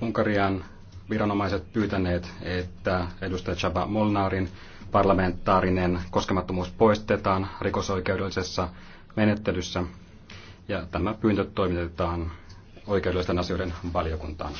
Unkarian viranomaiset pyytäneet, että edustaja Chaba Molnarin parlamentaarinen koskemattomuus poistetaan rikosoikeudellisessa menettelyssä. Ja tämä pyyntö toimitetaan oikeudellisten asioiden valiokuntaan.